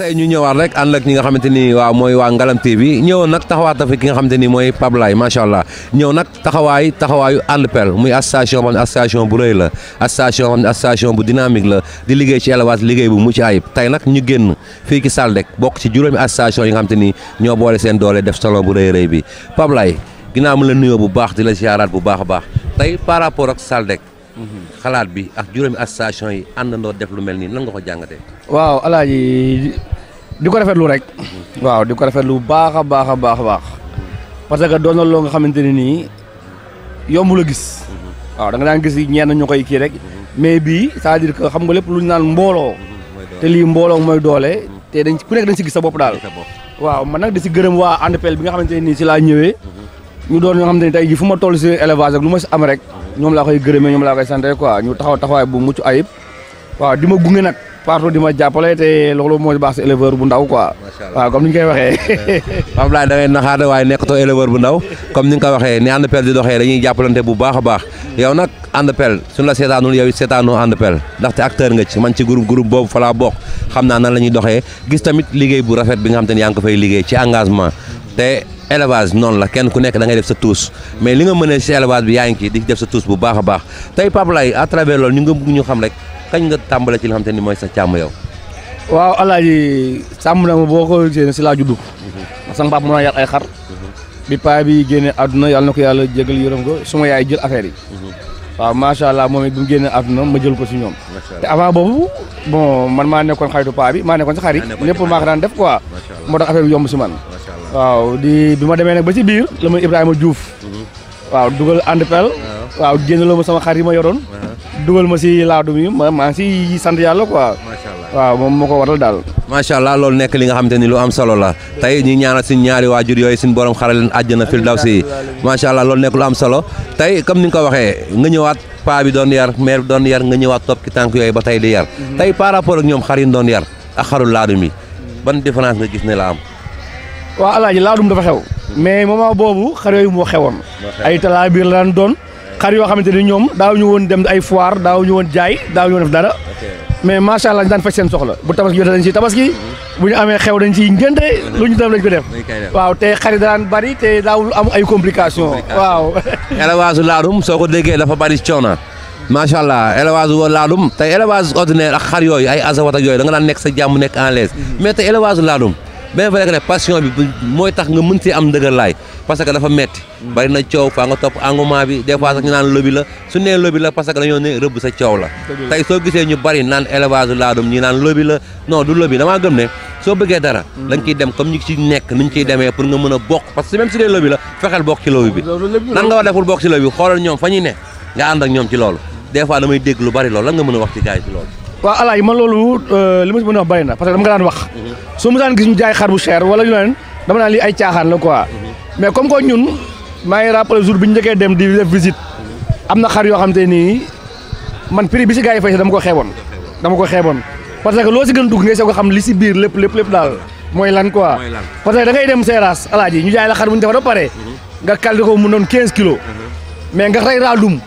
tey ñu ñëwaat rek ànd ak ñi nga xamante ni waa mooy waa Ngalam bi ñëwoon nag taxawaat fi ki nga xamante ni mooy pablaay macha allah ñëw nag taxawaay taxawaayu ANPEL muy association boo xam ne association bu rëy la association boo xam ne association bu dynamique la di liggéey ci élevage liggéey bu mucc ayib tey nag ñu génn fii ki Saldek bokk ci juróomi association yi nga xamante ni ñoo boole seen doolee def salon bu rëy rëy bi Pablay ginnaaw mu la nuyoo bu baax di la ziaraat bu baax a baax tey par rapport ak Saldek xalaat bi ak juróomi association yi àndandoo def lu mel nii nan nga ko jàngatee. waaw alaaji di ko rafetlu rek. Mm-hmm. waaw di ko rafetlu baax a baax a baax a baax. parce que doon na loo nga xamante ne nii yomb la gis. Mm-hmm. waaw da nga daan gis ñenn ñu koy kii rek. Mm-hmm. mais bi c'est-à-dire que xam nga lépp lu ñu naan mbooloo. te lii mbooloo mooy doole. te dañ ku nekk dañ si gis sa bopp daal. waaw man nag di si gërëm waa ANPEL bi nga xamante ne nii si laa ñëwee. ñu doon ñoo xamante ma am ñoom laa koy gërëmee ñoom laa koy sante quoi ñu taxaw taxawaay bu mucc ayib waaw di ma gunge nag partout di ma jàppale te loolu moo baax si éleveur bu ndaw quoi. waaw comme ni ñu waxee. Pape Laye da ngay naxaate waaye nekkatoo éleveur bu ndaw comme ni ko waxee ni Andpel di doxee dañuy jàppalante bu baax a baax yow nag Andpel suñu la seetaanul yow it seetaanoo Andpel ndaxte acteur nga ci man ci groupe groupe boobu fa laa bokk xam naa nan la ñuy doxee gis tamit liggéey bu rafet bi nga xam te ne yaa ngi ko fay liggéey ci engagement te élevage noonu la kenn ku nekk da ngay def sa tuus mais li nga mën a si élevage bi yaa ngi kii def sa tuus bu baax a baax tey Pape Laye à travers loolu nga bugg ñu xam rek kañ nga tàmbale ci li xam te ni mooy sa càmm yow waaw alaaji sàmm na ma boo ko gisee si laa dug mhm. sama papa mën a yar ay xar mhm. bi paa bi génne àdduna yàlla na ko yàlla jégal yërëm ko suma yaay jël affaire yi mhm. waaw macha allah moom it bi mu génne àdduna ma jël ko si ñoom te avant boobu bon man maa nekkoon waaw di bi ma demee nag ba ci biir la ma ibraahima Diouf. Mhm. waaw dugal àndpel. waaw génnaloo ma sama xar yi ma yoroon. Uh-huh. dugal ma si laadum yi ma maa ngi si sant yàlla quoi. waaw moom moo ko waral daal. macha allah loolu nekk li nga xamante ni lu am solo la tey ñu ñaanal si ñaari waajur yooyu suñ borom xaral leen àjjana firdawsi macha allah loolu nekk lu am solo tey comme ni nga ko waxee nga ñëwaat paa bi doon yar mère bi doon yar nga ñëwaat topp ki tànk yooyu ba tey di yar. Mhm. tey par rapport ak ñoom xar yi doon yar ak xarul laadum ban différence gis ne la am. waaw alaaji laadum dafa xew mais moment boobu xar yooyu moo xewoon ay talaa biir la daan doon xar yoo xamante ni ñoom daaw ñu woon dem ay foire daaw ñu woon jaay daaw ñu woon def dara mais macha allah ñu daan faj seen soxla bu tabaski jotee dañ ciy tabaski bu ñu amee xew dañ ciy ngénte lu ñu def dañ ko def waaw te xari daan bari te daawul am ay complication waaw élevage laadum soo ko déggee dafa bari coono macha allah élevage wa laadum tey élevage ordinaire ak xar yooyu ay asawat ak yooyu da nga daan sa jàmm nekk en l'aise mm-hmm. mais tey élevage laadum bien vrai que ne passion bi mooy tax nga mën see am ndëgër laay parce que dafa metti bari na coow faa nga topp engouement bi des fois sax ñu naan lobby la su nee lobby la parce que dañoo ne rëbb sa coow la tey soo gisee ñu bari naan élevage laadum ñi naan lobby la non du lobby damaa gëm ne soo bëggee dara mhm. da nga ciy dem comme ñi ci nekk ni ñu ciy demee pour nga mën a bokk parce que même si dee lobby la fexeel bokk ci lobby bi nan nga war deful bokk ci lobby xoolal ñoom fa ñu ne nga ànd ak ci loolu des fois damay dégg lu bari loolu lan nga mën a wax ci gars yi waaw alaaji man loolu euh, li ma si mën a wax bari na parce que dama ko daan wax mhm. su ma daan gis ñu jaay xar bu cher wala ñu naan dama naan lii ay caaxaan la quoi mhm. mais comme que ñun maa ngi jour bi ñu dem di def visite mhm. am na xar yoo xam te nii man prix bi si gars yi fay si dama ko xeeboon dama ko xeeboon parce que loo si gën dugg ngay soog a xam li si biir lépp lépp lépp daal mooy lan quoi parce que da ngay dem seeraas alaaji ñu jaay la xar bu ñu defar ba pare nga calculé ko mu doon 15 kilos mais nga rey raadum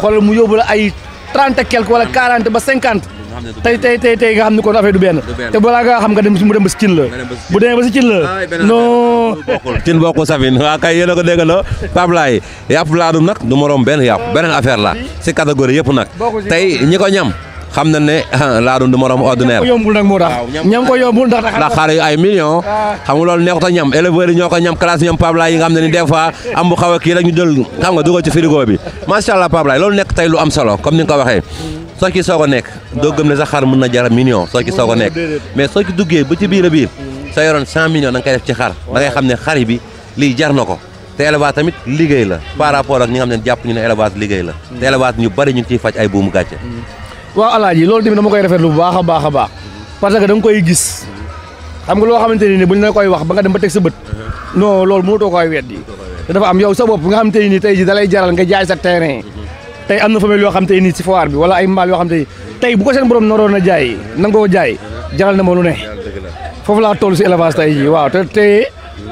xoolal mu yóbbu ay 30 quelque wala 40 ba 50 tey tey tey tey nga xam ni kon affaire du benn te balaa nga xam nga dem mu dem ba si cin la bu demee ba si cin la ah, non cin bokkul safin waa ah, kay yéen a ko déggandoo Pape Laye yàpp du morom benn yap beneen affaire la si catégorie yëpp nag tey ñi ko ñam xam na ne ah, laadum du morom ordinaire ñam ko yombul ndax ndax xaar yu ay million xam loolu neexut a ñam éleveurs yi ñoo ko ñam classe ñoom Pape Laye ne ni des am bu xaw a kii rek ñu jël xam nga dugal ci frigo nekk tey lu am solo comme ni nga ko waxee soo ci soog a nekk doo gëm ne sa xar mën na jar million soo ci soog a nekk mais soo ci duggee ba ci biir a biir soo yoroon cent millions da def ci xar da xam ne xar bi lii jar na ko te élevage tamit liggéey la par rapport ak ñi nga xam ne jàpp ñu ne élevage liggéey la te élevage ñu bari ñu ciy faj ay buumu gàcce waaw alaaji loolu tamit dama koy rafetlu bu baax a baax a baax parce que da koy gis xam nga loo xamante ni buñ la koy wax ba nga dem ba teg sa bët non loolu mënutoo koy weddi te dafa am yow sa bopp nga xamante ni tey am na famille yoo xam te nii si foire bi wala ay mbaal yoo xam te ni tey bu ko seen borom naroon a jaay nangoo jaay jaral na ma lu ne foofu laa toll si élevage tey jii waaw te tey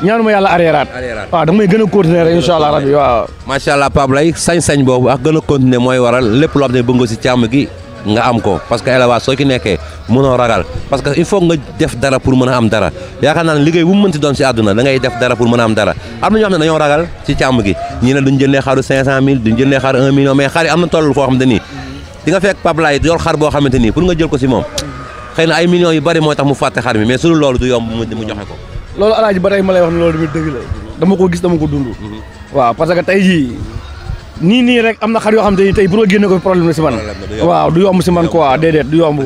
ñaanu ma yàlla areeraat waaw da may gën a continuer rek incha allah rabbi waaw macha allah Pape Lay sañ-sañ boobu ak gën a continuer mooy waral lépp loolu xam ne bëgg nga càmm gi nga am ko parce que élevage soo ci nekkee mënoo ragal parce que il faut nga def dara pour mën a am dara yaakaar naa ne liggéey bu mu mënti doon si àdduna da def dara pour mën a am dara am na xam ne dañoo ragal ci càmm gi ñii ne duñ jëndee xaru 500000 duñ jëndee xaru 1 million xar yi am na toll foo xam ne nii di nga fekk papalaay yor xar boo xamante nii pour nga jël ko si xëy na ay millions yu bari mooy tax mu fàtte xar mi mais su dul loolu du nii nii rek am na xar yoo xam te ni tey pour ma génne ko problème la si man du yomb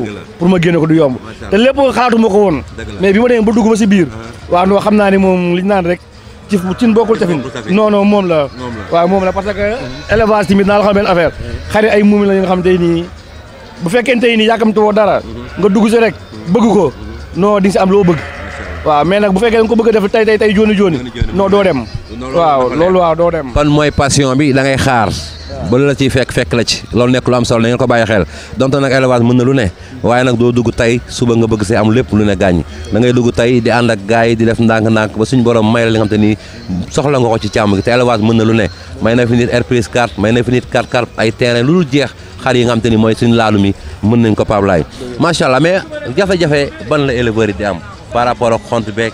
ko du yomb te lépp xalaatuma ko woon mais bi ma demee ba dugg ba si biir uh-huh. waaw non xam naa ne moom li ñu naan rek ci cin bokkul tafin non non moom la waaw moom la parce que élevage tamit naa la xam benn affaire uh-huh. xari ay muumi la ñu nga xam tey nii bu fekkente ni yàkkamte woo dara uh-huh. nga dugg si rek bëgg ko noo di nga si am loo bëgg waaw mais nag bu fekkee nga ko bëgg a def tey tey tey jooni jooni non doo waaw loolu waaw doo dem. kon mooy passion bi da ngay xaar. ba la ciy fekk fekk la ci loolu nekk lu am solo na ngeen ko bàyyi xel donte nag élevage mën na lu ne waaye nag doo dugg tey suba nga bëgg see am lépp lu ne gàññ da ngay dugg tey di ànd ak gars yi di def ndànk-ndànk ba suñu borom may la li nga xam te ni soxla nga ko ci càmm gi te élevage mën na lu ne may na fi nit RPS 4 may na fi nit 4 4 ay terrain lu dul jeex xar yi nga xam te ni mooy suñu laalu mi mën nañ ko pablaay macha allah mais jafe-jafe ban la éleveur yi di am par rapport ak xont beeg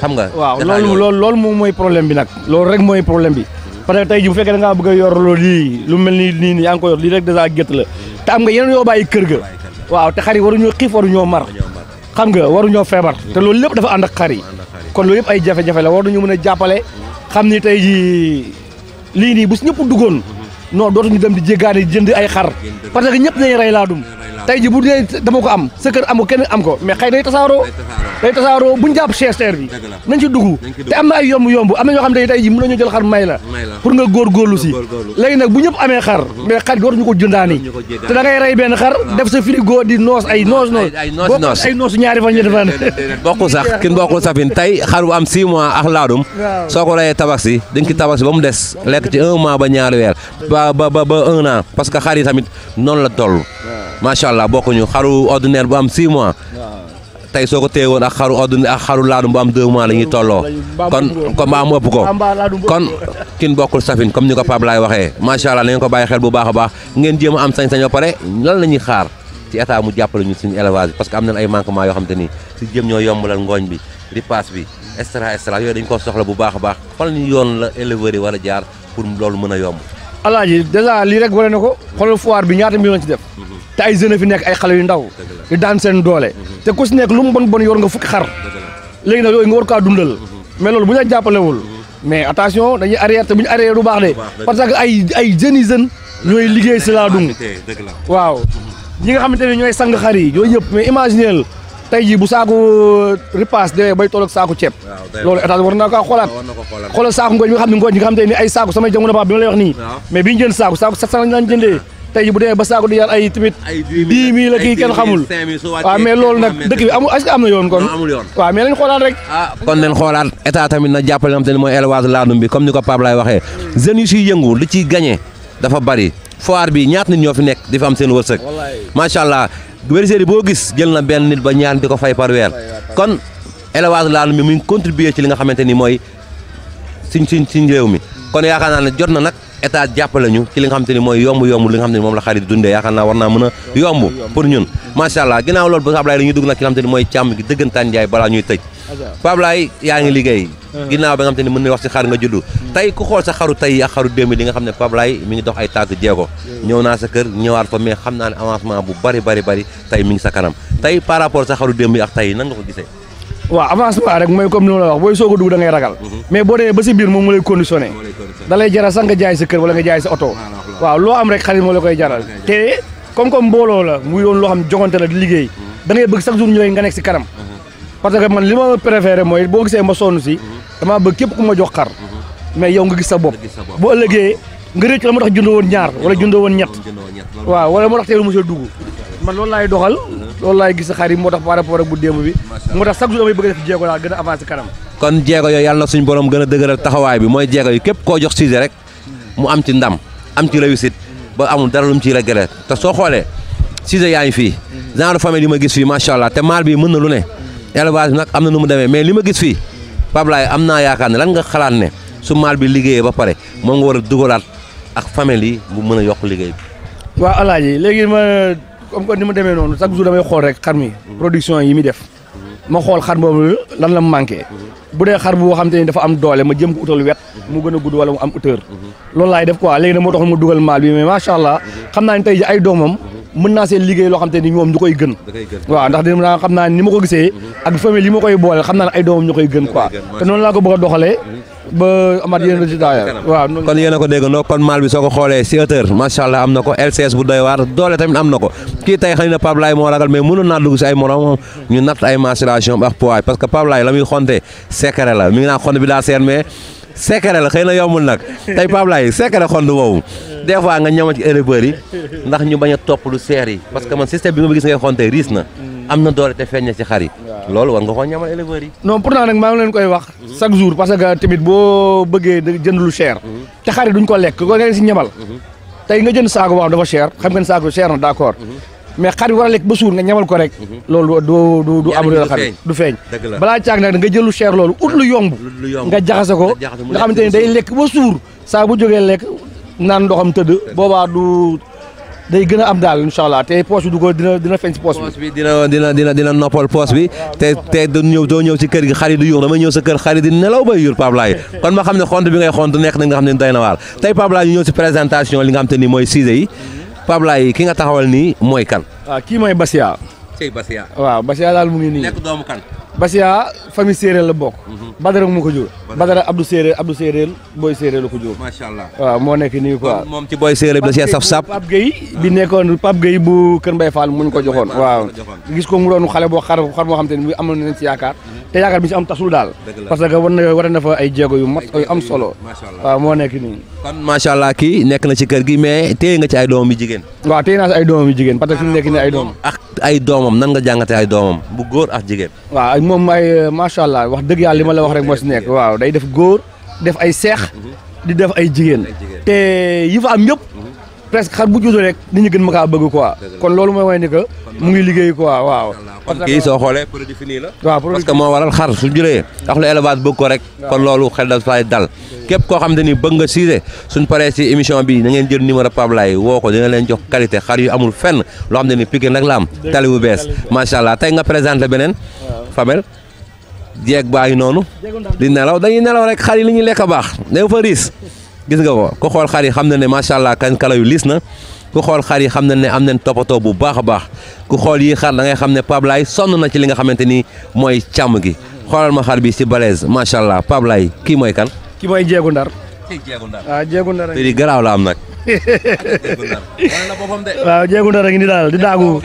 xam nga waaw loolu loolu loolu moom mooy problème bi nag loolu rek mooy problème bi parce que tey ji bu fekkee da ngaa bëgg a yor loolu lii lu mel ni nii nii yaa ngi ko yor lii rek dèjà gétt la te am nga yeneen yoo bàyyi kër ga waaw te xar yi waruñoo xiif waruñoo mar xam nga waruñoo feebar te loolu lépp dafa ànd ak xar yi kon loolu yëpp ay jafe-jafe la war nañu mën a jàppale xam ni tey ji lii nii bu si ñëpp duggoon non dootuñu dem di jéggaani jënd ay xar parce que ñëpp nañ rey laa dum tey ji bu dee dama ko am sa kër amu kenn am ko mais xëy day tasaaroo day tasaaroo buñu jàpp CSR bi nañ ci dugg te am na ay yomb yomb am na ñoo xam ne tey ji mën nañu jël xar may la pour nga góorgóorlu si léegi nag bu ñëpp amee xar mhm. mais xar waruñu ko jëndaani te da ngay rey benn xar def sa frigo di noos ay noos noos ay noos ñaari fan ñetti fan bokkul sax kin bokkul safin tey xar bu am 6 mois ak laadum soo ko reyee tabaski dañ ki tabaski ba mu des lekk ci un mois ba ñaari weer ba ba ba un an parce que xar yi tamit noonu la toll macha allah ñu xaru ordinaire bu am 6 mois tay soko ko ak xaru ordinaire ak xaru laadum bu am 2 mois lañuy tolo kon ko ma mbaam ëpp ko kon kin bokul safine comme ñuko pap lay waxé waxee macha allah na ngeen ko baye xel bu baaxa baax ngeen jëm am sañ-sañ ba pare lan lañuy xaar ci état mu jappal ñu suñu élevage parce que am nañ ay manquement yo xamanteni ci jëm ñoo yombalal ngooñ bi ripaas bi extra extra yo dañ ko soxla bu baaxa baax xol la yoon la éleveur yi wara jaar pour loolu mëna a yomb. alaaji déjà li rek wane nako xol foar bi ñaata mi won ci def. Mhm. te ay jeunes fi nekk ay xale yu ndaw di daan seen doole mm-hmm. te ku si nekk lu mu bon bon yor nga fukki xar léegi nag yooyu nga war kaa dundal mm-hmm. mais loolu bu ñu la jàppalewul mm-hmm. mais attention dañuy arrière te bu ñu arrière du baax de parce que ay ay jeunes yi jeunes ñooy liggéey si laa dung waaw ñi nga xamante ne ñooy sang xar yi yooyu yëpp mais imaginez tey jii bu saako euh, ripaas de bay toll ak saako loolu état war naa kaa xoolaat xoolal saako ngooñ bi nga nga xam te ne ay saako samay jamono tey ji bu demee ba saako di yar ay tamit dix mille la kenn xamul waaw mais loolu nag dëkk bi amul est am na yoon kon waaw mais nañ xoolaat rek ah, kon nañ xoolaat état tamit na jàppale nga xam te ne mooy élevage laadum bi comme ni ko Pape Laye waxee jeunes yi siy yëngu li ciy gagné dafa bari foire bi ñaat nit ñoo fi nekk di fa am seen wërsëg macha allah bergerie yi boo gis jël na benn nit ba ñaar di ko fay par weer kon élevage laadum bi mu ngi ci li nga xamante ni mooy suñ suñ suñ réew mi kon yaakaar ne jot na nag état jàppale ñu ci li nga xam te ni mooy yomb yomb li nga xam te moom la xarit dundee yaakaar naa war naa mën a yomb pour ñun macha allah loolu ba Ablaye la dugg nag ci xam te mooy càmm gi dëggantaan njaay balaa ñuy tëj Ablaye yaa ngi liggéey mmh. ginnaaw ba nga xam te ni mën na wax ci xar nga juddu mmh. tey ku xool sa xaru tey ak xaru démb li nga xam ne Ablaye mi ngi dox ay tànk jeego mmh. ñëw naa sa kër ñëwaat fa xam naa ne avancement bu bari bari a dalay jara jaral jaay sa keur wala nga jaay sa auto waaw lo am rek xarit mo la koy jaral té comme comme mbolo la muy doon lo xam jogonté la di liggéey hmm. da ngay bëgg chaque jour ñu lay nga nek ci karam hmm. parce que man lima préféré moy bo gisé ma sonu ci hmm. dama bëgg képp ku ma jox xar mais yow nga gis sa bop bo ëllëgee nga rëcc la mo tax jundu won ñaar wala jundu won ñet waaw wala mo tax teel mësa duggu man lool lay doxal lool lay gis xarit mo tax par rapport ak bu démb bi mo tax chaque jour damay bëgg def jéego daal gën a avancé kon jeego yooyu yàlla na suñu borom gën a dëgëral taxawaay bi mooy jeego yi képp koo jox Cissé rek mu am ci ndam am ci réussite ba amul dara lu ci ciy regret te soo xoolee Cissé yaa fii genre famille yi ma gis fii macha allah te maal bi mën na lu ne élevage bi nag am na nu mu demee mais li ma gis fii Pape Laye am naa yaakaar ne lan nga xalaat ne su maal bi liggéeyee ba pare moom nga war a dugalaat ak famille yi bu mën a yokk liggéey bi. waaw Alaaji léegi ma comme ni mu demee noonu chaque jour damay xool rek xar mi yi muy def. ma xool xar boobu lan la mu bu dee xar boo xam te ni dafa am doole ma jëm ko utal wet mu gën a gudd wala mu am hauteur loolu laay def quoi léegi nag moo taxoon ma dugal maal bi mais macha allah xam naa ne tey ji ay doomam mën naa seen liggéey loo xam te ni ñoom ñu koy gën waaw ndax dina xam naa ni ma ko gisee ak famille yi ma koy boole xam naa ne ay doomam ñu koy gën quoi te noonu laa ko bëgg a doxalee ba amaat yeneen résultat ya waaw kon yéen a ko déggandoo kon maal bi soo ko xoolee si hauteur macha allah am na ko LCS bu doy waar doole tamit am na ko kii tey xëy na Pape Laye moo ragal mais mënoon naa dugg si ay moromam ñu natt ay macération ak poids parce que Pape Laye la muy xonte secret la mi ngi naa xont bi daa seen mais secret la xëy na yombul nag tey Pape Laye secret xont boobu des nga ñama ci éleveurs yi ndax ñu bañ a topp lu seer yi parce que man système bi ma gis am na doole te feeñ ci xar yi. loolu war nga koo ñamal éleveurs yi. non pourtant nag maa ngi leen koy wax. Mhm. chaque jour parce que tamit boo bëggee jënd lu cher. Mhm. te xar duñ ko lekk ko nga si ñamal. Mhm. tey nga jënd saako waaw xam ngeen saako cher na d' accord. mais a lekk ba suur nga ñamal ko rek. loolu du du am xar du feeñ. balaa caag nag nga jël lu cher loolu ut lu yomb. nga jaxase ko nga xamante ne day lekk ba suur saa bu jógee lekk naan ndoxam tëdd boobaa du day gën a am daal incha allah te poche bi du ko dina dina feeñ si poche bi. poche bi dina dina dina bi te te ñëw doo ñëw si kër gi xar yi du yuux dama ñëw sa kër xar yi di nelaw bay yuur Pape Laye kon ma xam ne xont bi ngay xont nekk na nga xam ne doy na waar tey Pape ñëw si présentation li nga xam te ni mooy Cissé yi Pape ki nga taxawal nii mooy kan. waaw ah, kii mooy Basia. Sey waaw Basia daal mu ngi nii. nekk kan. Basia famille séeréer la bokk. Mhm. Badara moo ko jur. Badara Abdou séeréer Abdou booy séeréer la ko jur. macha allah waaw moo nekk nii quoi. moom ci booy séeréer bi la see saf sap. Pape Gueye bi nekkoon Pape Gueye bu Kër Mbaye Fall ko joxoon. waaw gis ko mu doon xale boo xar xar moo xam mhm. am tasul daal. parce que war na war na fa ay jéego yu moo nekk nii. kon allah kii nekk na ci kër gi mais téye nga ci ay doomam yu jigéen. waaw téye naa ci ay doomam yu jigéen parce que fi mu nekk nii ay doomam. ak ay doomam nan nga jàngatee ay doomam bu góor ak jigéen moom may euh, macha allah wax dëgg yàlla li ma la wax rek moo si nekk waaw day def góor def ay seex mhm. di def ay jigéen te yi fa am yëpp presque xar bu judd rek nit ñi gën ma kaa bëgg quoi. kon loolu mooy wane ni que mu ngi liggéey quoi waaw. kon kii soo xoolee produit fini la. waaw produit parce moo waral xar su juree. wax lu élevage bëgg ko rek. kon loolu xel da fay dal. képp koo xam te ni bëgg nga siise suñ paree si émission bi na ngeen jël numéro Pablaye woo ko dina leen jox qualité xar yu amul fenn loo xam te ni piqué nag la am. tali bu bees macha allah tey nga présenté beneen. Fabel jeeg baa yi noonu. di nelaw dañuy nelaw rek xar yi li ñuy lekk baax dañu gis nga ko ku xool xar yi xam na ne macha allah kan kala yu liis na ku xool xar yi xam na ne am nañ toppatoo bu baax a baax ku xool yi xar da xam ne Pablaye sonn na ci li nga xamante ni mooy càmm gi xoolal ma xar bi si balaise macha allah Pablaye kii mooy kan. kii mooy jéegu ndar. kii jéegu ndar waaw ah, jéegu ndar te di garaaw la am nag. waaw jéegu ndar a ngi ni daal di daagu.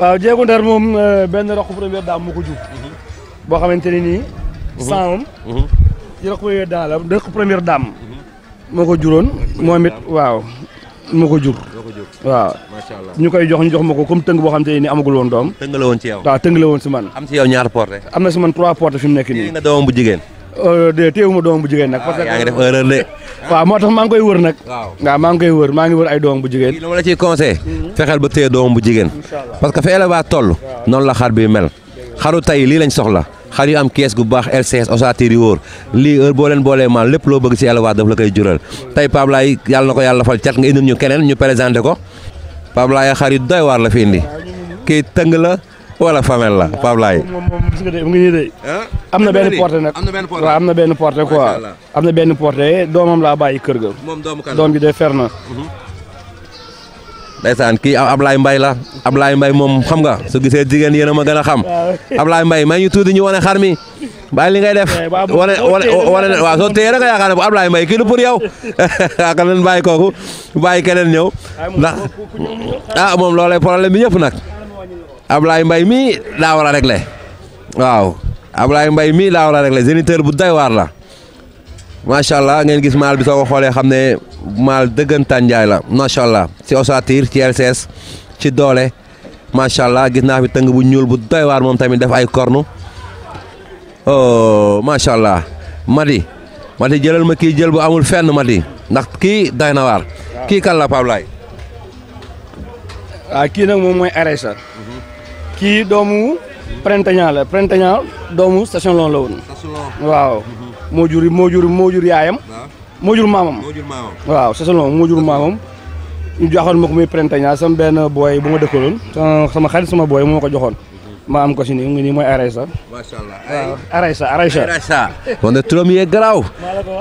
waaw jéegu ndar moom euh, benn roq première daam moo ko mhm. boo xamante ne nii. sans mhm. moom. ci roq daam. moo ko juróon moom it waaw moo ko jur waaw ñu koy jox ñu jox ma ko comme tëng boo xam te ni amagul woon doom tëng la woon ci yow waaw tëng la woon si man am si yow ñaar porté am na si man trois porté fi mu nekk nii nga doomam bu jigéen euh, de téewuma doomam bu jigéen nag parce que ah, moo tax maa ngi koy wër nag waaw maa ngi koy wër maa ngi wër ay doomam bu jigéen lu ma la ciy conseil fexeel ba téye doomam bu jigéen parce que fa élevage toll noonu la xar bi mel xaru lii lañ soxla xar yu am kees gu baax LCS osatiri wóor lii heure boo leen boolee maal lépp loo bëgg ci élevage daf la koy jural tey Pablaay yàlla na ko yàlla fal cat nga indil ñu keneen ñu présenté ko Pablaay xar yu doy waar la fi indi kii tëng la wala famel la Pablaay. am na benn portée nag waaw am na benn portée quoi am na benn portée doomam laa bàyyi kër ga. doom bi de fer na. Mhm. ndeysaan kii ablaay mbay la Ablaye mbay moom xam nga so gisee jigéen yéen a ma gën a xam Ablaye mbay may ñu tuuti ñu wane xar mi bàyyi li ngay def eh, wane wane waaw soo téye rek nga yaakaar ne bu Ablaye Mbaye kii du pour yow yaakaar leen kooku bàyyi keneen ñëw ndax ah moom loolay problème bi ñëpp nag Ablaye Mbaye mii daa war rek réglé waaw Ablaye Mbaye mii daa war a réglé géniteur bu doy waar la. Masyaallah, ngeen gis mal bi soko mal xoolee mal ne maal la ci osatir ci LCS ci doole Masyaallah, gis na fi teung bu ñuul bu doy war mom tamit def ay cornu oh masyaallah, Madi Madi jëlal ma ki jël bu amul fenn Madi ndax ki doy na waar. kan la pablay ah, waaw ki nak mom moy Aresa. ki domu Printemps la Printemps station lon la waaw. moo jur moo jur moo jur yaayam. moo jur maamam. waaw c'est ça moo jur maamam. ñu joxoon ma ko muy printemps sama benn booy bu ma dëkkaloon. sama xarit sama booy moo ko joxoon. maam am ko si nii mu nii mooy Araysa. macha allah Araysa Araysa Araysa. kon nag turam yee garaaw.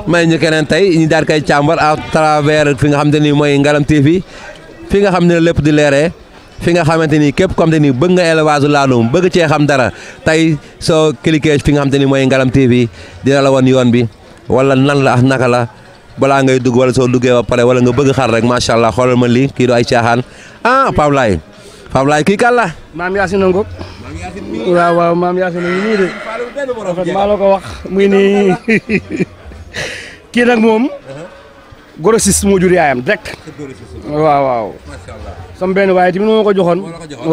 may ñu keneen tey ñu daal koy càmbar à travers fi nga xam ne nii mooy Ngalam TV fi nga xam ne lépp di leeree. fi nga xamante ni képp comme te ni bëgg nga élevage laadum bëgg cee xam dara tey soo cliquer fi nga xamante ni mooy Ngalam TV dina la won yoon bi wala nan la ak naka la balaa ngay dugg wala soo duggee ba pare wala nga bëgg xar rek macha allah xoolal ma lii kii du ay caaxaan ah Pape Laye Pape Laye kii kan la. maam Yacine Ngop. waaw waaw maam Yacine ñu nii de. maa la ko wax muy nii kii nag moom. Uh-huh. grossiste moo jur yaayam direct. waaw waaw. macha benn waaye tamit moo ko joxoon.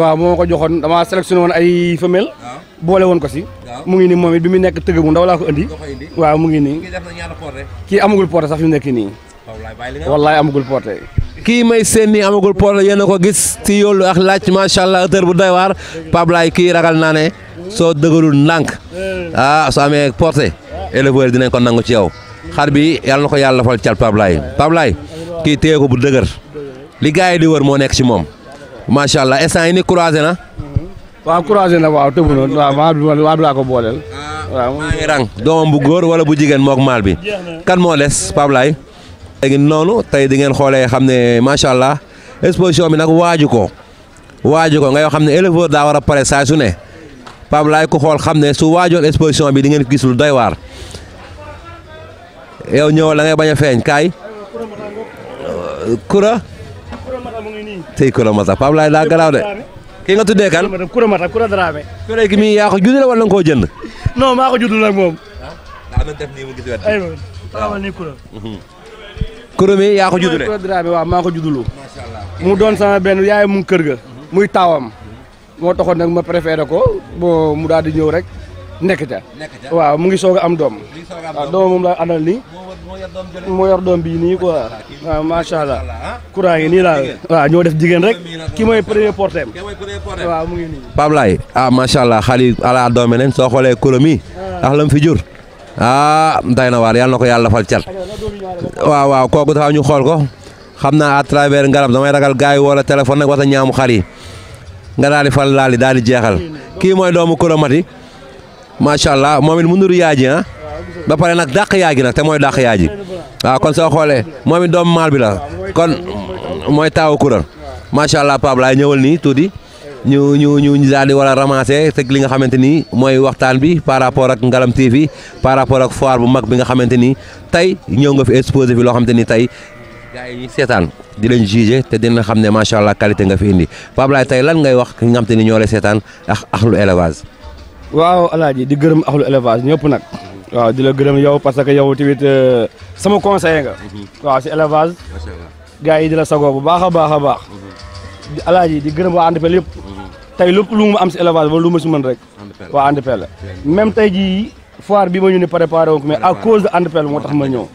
waaw moo ko joxoon dama sélectionné woon ay femelle. boole woon ko si. mu ngi nii moom it bi mu nekk tëgg bu ndaw laa ko indi. waaw mu ngi nii. kii amagul porté sax fi nekk nii. wallaay amagul porté. kii may seen nii amagul porté yéen a ko gis ci yoolu ak laaj macha allah heure bu day waar Pape kii ragal naa ne soo dëgalul ndànk ah soo amee porté éleveur dinañ ko nangu ci yow. xar bi yàlla ko yàlla fal cal pablaay Pablaye kii téye ko bu dëgër li yi di wër moo nekk ci moom macha allah instant yi ni croisé na. waaw croisé na waaw tëbu na waaw maa laa ko booleel. Ah, waaw maa ngi rang doomam bu góor wala bu jigéen mook maal bi kan moo pablaay te léegi noonu tey di ngeen xoolee xam ne macha allah exposition bi nag waaju ko waaju ko nga yoo xam ne éleveur daa war a pare saa su ne Pablaye ku xool xam ne su waajoon exposition bi di ngeen gis lu yow ñëwal la ngay bañ a feeñ kaay kura tey kura mata Pape Laye daa garaaw nga tuddee kan kura mata kura mi yaa ko judd nga koo jënd non maa ko judd la moom mu gis wet waaw ni kura mhm. mi yaa ko judd la mu doon sama benn yaay mu kër ga mhm. muy taawam moo taxoon nag ma préféré ko mu daal di ñëw rek nekk waaw mu ngi soog am doom waaw moom la àndal nii moo yor doom bi nii quoi waaw macha allah ah. courant yi nii laa waaw ñoo def jigéen rek ki mooy premier porté waaw ah macha allah xali ala doome nen soo xoolee kuréel mi ah. ndax lam fi jur ah day na waar yàlla ko yàlla fal cat waaw waaw kooku taxaw ñu xool ko xam naa à travers ngarab damay ragal gars yi wala téléphone nag wasa ñaamu xar yi nga daal di fal laal daal di jeexal kii mooy doomu kuréel mati macha allah moom it mu nuru yaay ji ah ba pare nag dàq yaay gi nag te mooy dàq yaay ji waaw kon soo xoolee moom it doomu maal bi la kon mooy taawu kuréel macha allah Pape laay ñëwal nii tuuti ñu ñu ñu daal di war a ramasser teg li nga xamante ni mooy waxtaan bi par rapport ak Ngalam TV par rapport ak foire bu mag bi nga xamante ni tey ñëw nga fi exposé fi loo xamante ni tey gars yi seetaan di leen jugé te dina xam ne macha allah qualité nga fi indi Pape laay tey lan ngay wax ki ni ñoo lay seetaan ak ak waaw alaaji di gërëm axlu élevage ñëpp nag waaw di la gërëm yow parce que yow tamit euh, sama conseiller nga mhm. waaw si élevage gars yi di la sagoo bu baax a baax a baax mhm. alaaji di gërëm waa Andepel yëpp mhm. tey lépp lu mu am si élevage wala lu ma si mën rek waa Andepel la même tey jii foire bi ma ñu ni préparé woon mais à cause de Andepel moo tax ma ñëw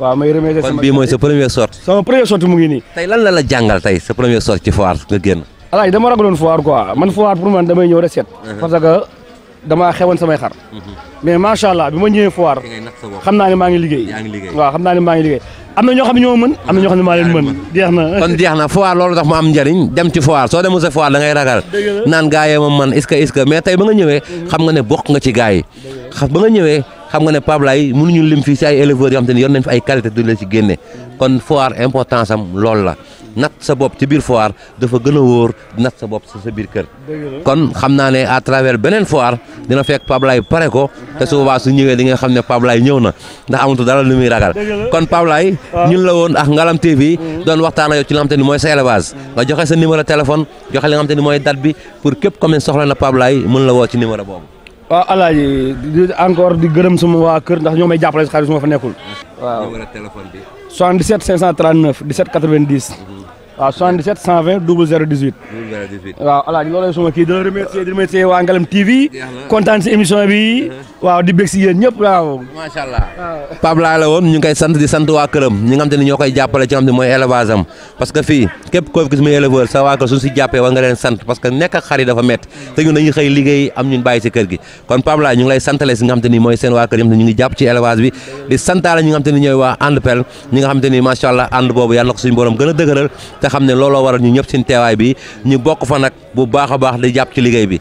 waaw may remercier sama bii mooy sa première sortie sama première sortie mu ngi nii tey lan la la jàngal tey sa première sortie ci foire nga génn alaaji dama ragaloon foire quoi man foire pour man damay ñëw reset uh-huh. parce que damaa xewoon samay xar mais macha allah bi ma ñëwee foire xam naa ne maa ngi liggéey waaw xam naa am na ñoo xam ñoo mën am na ñoo xam ne maa leen mën jeex na kon jeex na foire loolu tax mu am njëriñ dem ci foire soo demul sa foire da ngay ragal naan gaa yee ma man est-ce que est-ce que ba nga ñëwee xam nga ne bokk nga ci gaa yi ba nga ñëwee xam nga ne Pape Laye mënuñu lim fii si ay éleveurs yoo xam te ne yoon nañ fi ay qualité du la ci génne mm. kon foire importance am loolu la nat sa bopp ci biir foire dafa gën a wóor nat sa bopp sa biir kër kon xam naa ne à travers beneen foire dina fekk Pablay pare ko te su su ñëwee di nga xam ne Pablay ñëw na ndax amatu dara lu muy ragal kon Pablay ñun la woon ak Ngalam TV mm-hmm. doon waxtaan ak yow ci li xam te ni mooy sa élevage nga joxe sa numéro téléphone joxe li nga xam te ni mooy date bi pour képp commune soxla na Pablay mën la woo ci numéro boobu waaw alaaji di encore di gërëm sama ñoo may jàppale si xaalis su ma fa waaw 77 120 00 18. 00 18 waaw suma kii di la remercier di waa Ngalam TV. kontaan si émission bi. Uh-huh. waaw di bég si yéen ñëpp waaw. la woon ñu ngi sant di sant waa këram ñi nga xam te ne ñoo parce que fii képp koo fi gis muy sa waa kër suñu si jàppee war nga sant parce que nekk ak xar dafa métti te ñun dañuy xëy liggéey am ñun bàyyi si kër gi kon Pape laa ñu ngi lay si nga xam mooy seen waa kër yi nga ci élevage bi xam ne looloo waral ñu ñëpp seen teewaay bi ñu bokk fa nag bu baax a baax di jàpp ci liggéey bi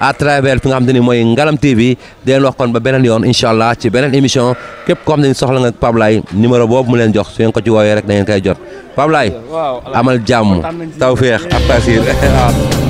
à travers fi nga xam ne ni mooy Ngalam TV di leen wax kon ba beneen yoon incha allah ci beneen émission képp koo xam ne soxla nga Pablaye numéro boobu mu leen jox su ngeen ko ci woowee rek da ngeen koy jot Pablaye amal jàmm tawféex ak tasiir